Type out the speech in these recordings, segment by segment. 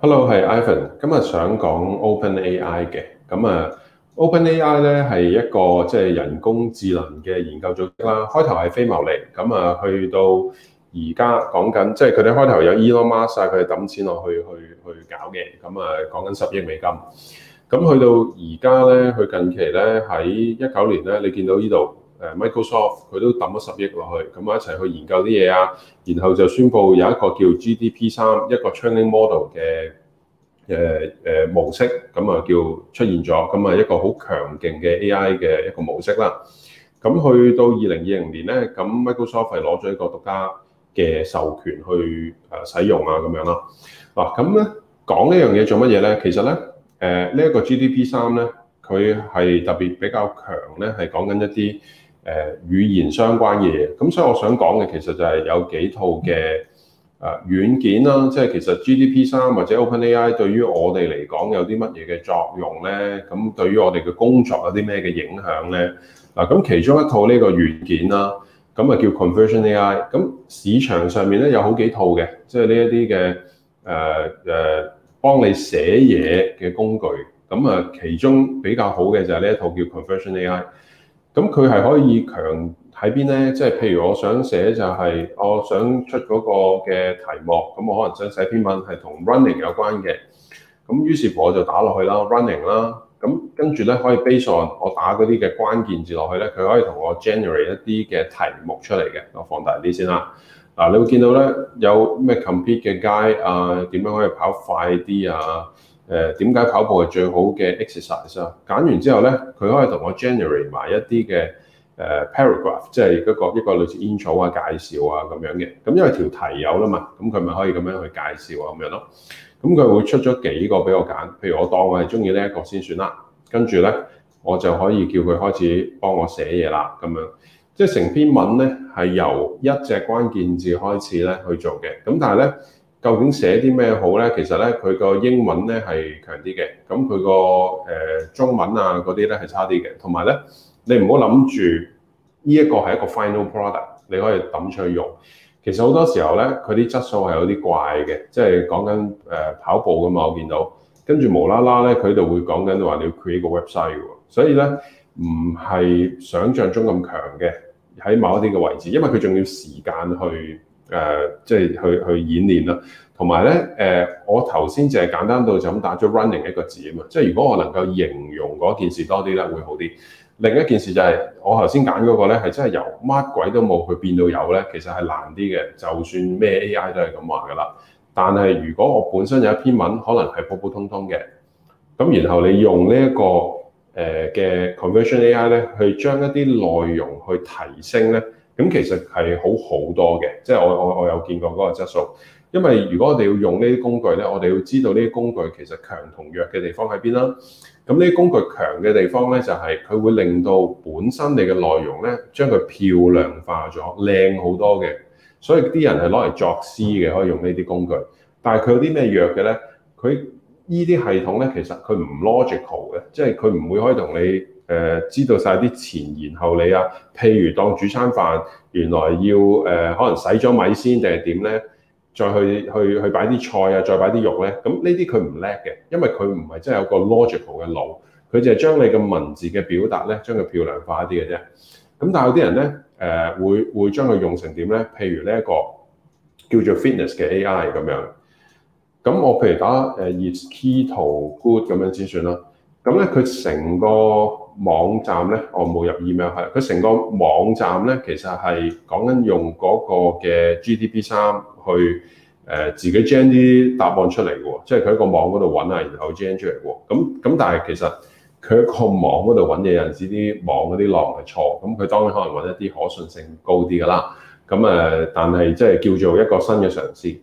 Hello，係 Ivan，今日想講 OpenAI 嘅，咁啊 OpenAI 呢係一個即係人工智能嘅研究組織啦。開頭係非牟利，咁啊去到而家講緊，即係佢哋開頭有 Elon Musk，佢哋抌錢落去去去搞嘅，咁啊講緊十億美金。咁去到而家呢，佢近期呢，喺一九年呢，你見到呢度。Microsoft 佢都抌咗十億落去，咁啊一齊去研究啲嘢啊，然後就宣布有一個叫 GDP 三一個 training model 嘅誒誒模式，咁啊叫出現咗，咁啊一個好強勁嘅 AI 嘅一個模式啦。咁去到二零二零年咧，咁 Microsoft 係攞咗一個獨家嘅授權去誒使用啊，咁樣咯。嗱，咁咧講呢樣嘢做乜嘢咧？其實咧誒呢一、呃這個 GDP 三咧，佢係特別比較強咧，係講緊一啲。誒語言相關嘅嘢，咁所以我想講嘅其實就係有幾套嘅啊軟件啦，即係其實 GDP 三或者 OpenAI 對於我哋嚟講有啲乜嘢嘅作用呢？咁對於我哋嘅工作有啲咩嘅影響呢？嗱，咁其中一套呢個軟件啦，咁啊叫 Conversion AI。咁市場上面咧有好幾套嘅，即係呢一啲嘅誒誒幫你寫嘢嘅工具。咁啊，其中比較好嘅就係呢一套叫 Conversion AI。咁佢係可以強喺邊呢？即係譬如我想寫就係我想出嗰個嘅題目，咁我可能想寫篇文係同 running 有關嘅。咁於是我就打落去啦，running 啦。咁跟住咧可以 base on 我打嗰啲嘅關鍵字落去咧，佢可以同我 generate 一啲嘅題目出嚟嘅。我放大啲先啦。嗱、啊，你會見到咧有咩 complete 嘅街啊？點樣可以跑快啲啊？誒點解跑步係最好嘅 exercise 啊？揀完之後咧，佢可以同我 generate 埋一啲嘅誒 paragraph，即係一個一個類似 intro 啊、介紹啊咁樣嘅。咁因為條題有啦嘛，咁佢咪可以咁樣去介紹啊咁樣咯。咁佢會出咗幾個俾我揀，譬如我當我係中意呢一個先算啦。跟住咧，我就可以叫佢開始幫我寫嘢啦。咁樣即係成篇文咧係由一隻關鍵字開始咧去做嘅。咁但係咧。究竟寫啲咩好咧？其實咧，佢個英文咧係強啲嘅，咁佢個誒中文啊嗰啲咧係差啲嘅。同埋咧，你唔好諗住呢一個係一個 final product，你可以抌出去用。其實好多時候咧，佢啲質素係有啲怪嘅，即係講緊誒跑步㗎嘛。我見到跟住無啦啦咧，佢就會講緊話你要 create 個 website 喎。所以咧，唔係想像中咁強嘅，喺某一啲嘅位置，因為佢仲要時間去。誒、呃，即係去去演練啦。同埋咧，誒、呃，我頭先就係簡單到就咁打咗 running 一個字啊嘛。即係如果我能夠形容嗰件事多啲咧，會好啲。另一件事就係、是，我頭先揀嗰個咧，係真係由乜鬼都冇去變到有咧，其實係難啲嘅。就算咩 AI 都係咁話噶啦。但係如果我本身有一篇文，可能係普普通通嘅，咁然後你用、這個呃、呢一個誒嘅 conversion AI 咧，去將一啲內容去提升咧。咁其實係好好多嘅，即係我我我有見過嗰個質素。因為如果我哋要用呢啲工具呢，我哋要知道呢啲工具其實強同弱嘅地方喺邊啦。咁呢啲工具強嘅地方呢，就係佢會令到本身你嘅內容呢將佢漂亮化咗，靚好多嘅。所以啲人係攞嚟作詩嘅，可以用呢啲工具。但係佢有啲咩弱嘅呢？佢呢啲系統呢，其實佢唔 logical 嘅，即係佢唔會可以同你。誒知道晒啲前言後理啊，譬如當煮餐飯，原來要誒、呃、可能洗咗米先定係點咧，再去去去擺啲菜啊，再擺啲肉咧，咁呢啲佢唔叻嘅，因為佢唔係真係有個 logical 嘅腦，佢就係將你嘅文字嘅表達咧，將佢漂亮化一啲嘅啫。咁但係有啲人咧，誒、呃、會會將佢用成點咧？譬如呢、這、一個叫做 fitness 嘅 AI 咁樣，咁、嗯、我譬如打誒 is keto good 咁樣先算啦。咁咧佢成個。網站咧，我冇入 email。佢成個網站咧，其實係講緊用嗰個嘅 g d p 三去誒、呃、自己 generate 啲答案出嚟嘅喎，即係佢喺個網嗰度揾啊，然後 generate 出嚟喎。咁咁但係其實佢喺個網嗰度揾嘢，有陣時啲網嗰啲內容係錯。咁佢當然可能揾一啲可信性高啲嘅啦。咁誒、呃，但係即係叫做一個新嘅嘗試。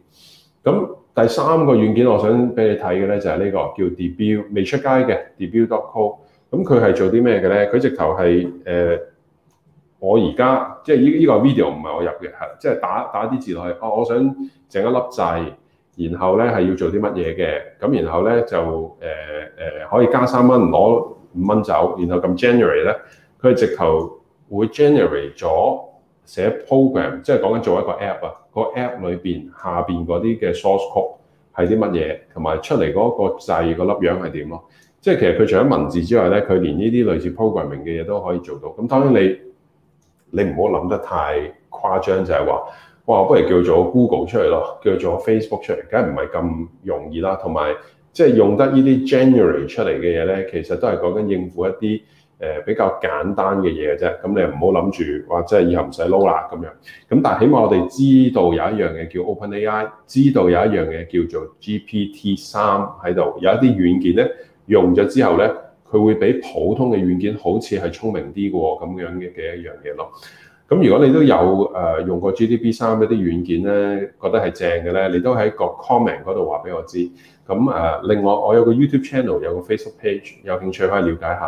咁第三個軟件我想俾你睇嘅咧，就係呢個叫 Debuild 未出街嘅 debuild.com。De 咁佢係做啲咩嘅咧？佢直頭係誒，我而家即係依依個 video 唔係我入嘅，係即係打打啲字落去。哦、啊，我想整一粒掣，然後咧係要做啲乜嘢嘅？咁然後咧就誒誒、呃呃、可以加三蚊攞五蚊走。然後咁 generate 咧，佢係直頭會 generate 咗寫 program，即係講緊做一個 app 啊。個 app 裏邊下邊嗰啲嘅 source code 係啲乜嘢，同埋出嚟嗰個掣、嗰粒樣係點咯？即係其實佢除咗文字之外咧，佢連呢啲類似 programming 嘅嘢都可以做到。咁當然你你唔好諗得太誇張，就係話哇，不如叫做 Google 出嚟咯，叫做 Facebook 出嚟，梗係唔係咁容易啦。同埋即係用得呢啲 generally 出嚟嘅嘢咧，其實都係講緊應付一啲誒比較簡單嘅嘢嘅啫。咁你唔好諗住話即係以後唔使撈啦咁樣。咁但係起碼我哋知道有一樣嘢叫 OpenAI，知道有一樣嘢叫做 GPT 三喺度，有一啲軟件咧。用咗之後呢，佢會比普通嘅軟件好似係聰明啲嘅喎，咁樣嘅嘅一樣嘢咯。咁如果你都有誒、呃、用過 GPT-3 一啲軟件呢，覺得係正嘅呢，你都喺個 comment 嗰度話俾我知。咁誒、呃，另外我有個 YouTube channel，有個 Facebook page，有興趣可、啊、以了解下。